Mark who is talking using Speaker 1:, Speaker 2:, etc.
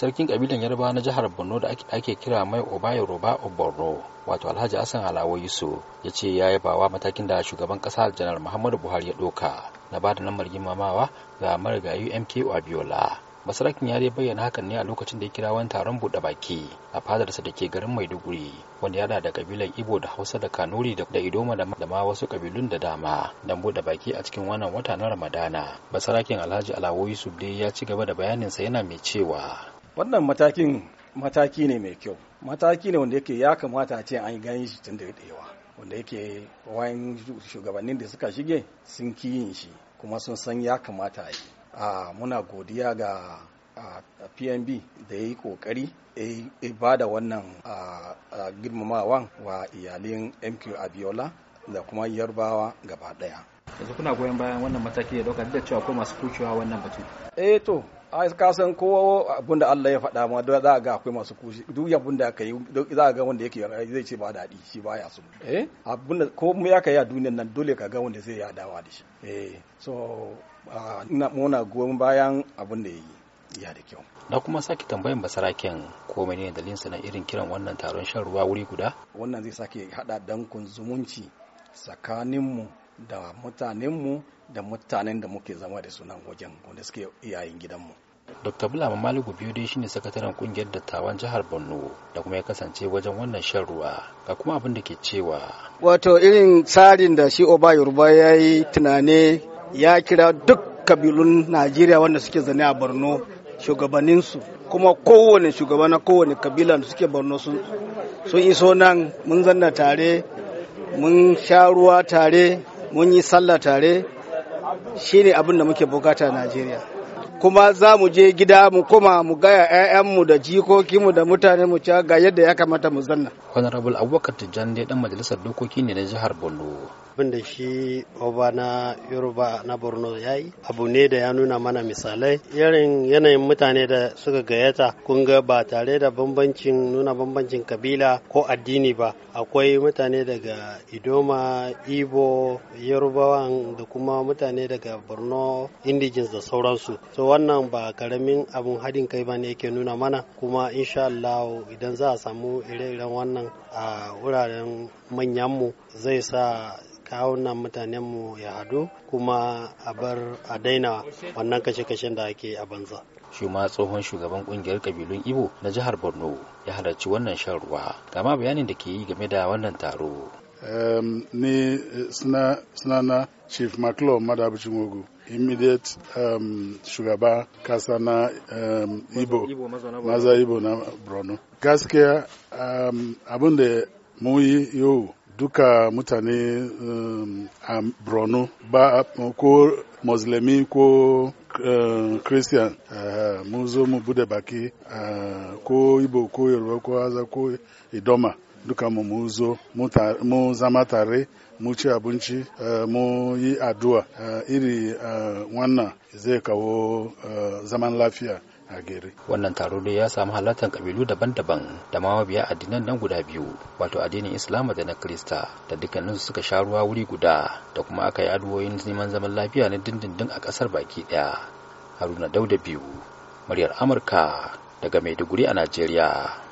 Speaker 1: sarkin kabilan yarba na jihar borno da ake kira mai obayo roba borno wato alhaji hassan alawo yusu ya ce ya yabawa matakin da shugaban kasa janar muhammadu buhari ya doka na ba da lambar girmamawa ga marigayi mk abiola masarakin ya dai bayyana hakan ne a lokacin da ya kira wani taron buɗe baki a fadarsa da ke garin maiduguri wanda yana da kabilan ibo da hausa da kanuri da idoma da ma wasu kabilun da dama don buɗe baki a cikin wannan wata na ramadana basarakin alhaji alawoyi dai ya ci gaba da bayaninsa yana mai cewa
Speaker 2: wannan matakin mataki ne mai kyau mataki ne wanda yake ya kamata a ce an gani shi tun da daɗewa wanda yake wayan shugabannin da suka shige sun kiyin shi kuma sun san ya kamata a yi muna godiya ga pnb da ya yi kokari ya ba da wannan girmamawan wa iyalin mq abiola da kuma yarbawa gaba daya yanzu kuna goyon bayan wannan
Speaker 1: mataki da dauka da cewa ko masu kucewa wannan batu
Speaker 2: eh to a ka san kowa abin da Allah ya faɗa ma za a ga akwai masu kushi duk abin da aka yi za a ga wanda yake zai ce ba daɗi shi baya so eh abin da ko mu ya kai a duniyar nan dole ka ga wanda zai yadawa dawa da shi eh so ina muna goyon bayan abin da yi ya da kyau
Speaker 1: na kuma sake tambayan basaraken ko ne dalilinsa na irin kiran wannan taron shan ruwa wuri guda wannan zai sake
Speaker 2: hada dankun zumunci tsakaninmu da mutanenmu da
Speaker 1: mutanen da muke zama da sunan wajen wanda suke iyayen gidanmu. Dr. Bulama Malugu biyu dai shine sakataren kungiyar dattawan jihar Borno da kuma ya kasance wajen wannan shan ruwa ga kuma abin da ke cewa.
Speaker 3: Wato irin tsarin da shi Oba Yoruba ya yi tunane ya kira duk kabilun Najeriya wanda suke zane a Borno shugabanninsu kuma kowane shugaba na kowane kabila da suke Borno sun iso nan mun zanna tare mun sha ruwa tare mun yi sallah tare ne abin da muke bukata a Najeriya kuma za mu je gida mu kuma mu gaya 'ya'yanmu da jikokinmu da mutane mu ga yadda ya kamata mu zanna. Honorable Abubakar Tijjani
Speaker 4: dan majalisar dokoki ne na jihar Borno. abin da shi oba na yoruba na borno ya yi abu ne da ya nuna mana misalai yarin yanayin mutane da suka gayyata kun ga ba tare da bambancin nuna bambancin kabila ko addini ba akwai mutane daga idoma ibo yorubawan da kuma mutane daga borno indigens da sauransu so wannan ba karamin abin haɗin kai ba ne yake nuna mana kuma insha Allah idan za a samu ire-iren wannan a wuraren manyanmu zai sa kawunan mu ya hadu kuma a bar a daina wannan kashe-kashen da ake a banza.
Speaker 1: Shi ma tsohon shugaban kungiyar kabilun Ibo na jihar Borno ya halarci wannan shan ruwa. Gama bayanin da ke yi game da wannan taro.
Speaker 5: Um, ni eh, sunana Chief Maclaw Madabucin Ogu. immediate shugaba kasa na ibo maza ibo na borno gaskiya um, abin da mu yi yau duka mutane um, a Borno ba ko musulmi ko um, christian uh, zo mu bude baki uh, ko ibo ko yoruba ko haza ko idoma duka mu mu zo mu zama tare mu ci abinci uh, mu yi addu'a iri
Speaker 1: wannan zai kawo zaman lafiya Wannan taro dai ya samu halartar kabilu daban-daban da ma mabiya addinan nan guda biyu, wato addinin Islama da na Krista, da dukkanin su suka sha ruwa wuri guda, da kuma aka yi addu'o'in neman zaman lafiya na dindindin a ƙasar baki ɗaya. Haruna Dauda biyu, muryar Amurka daga Maiduguri a Najeriya.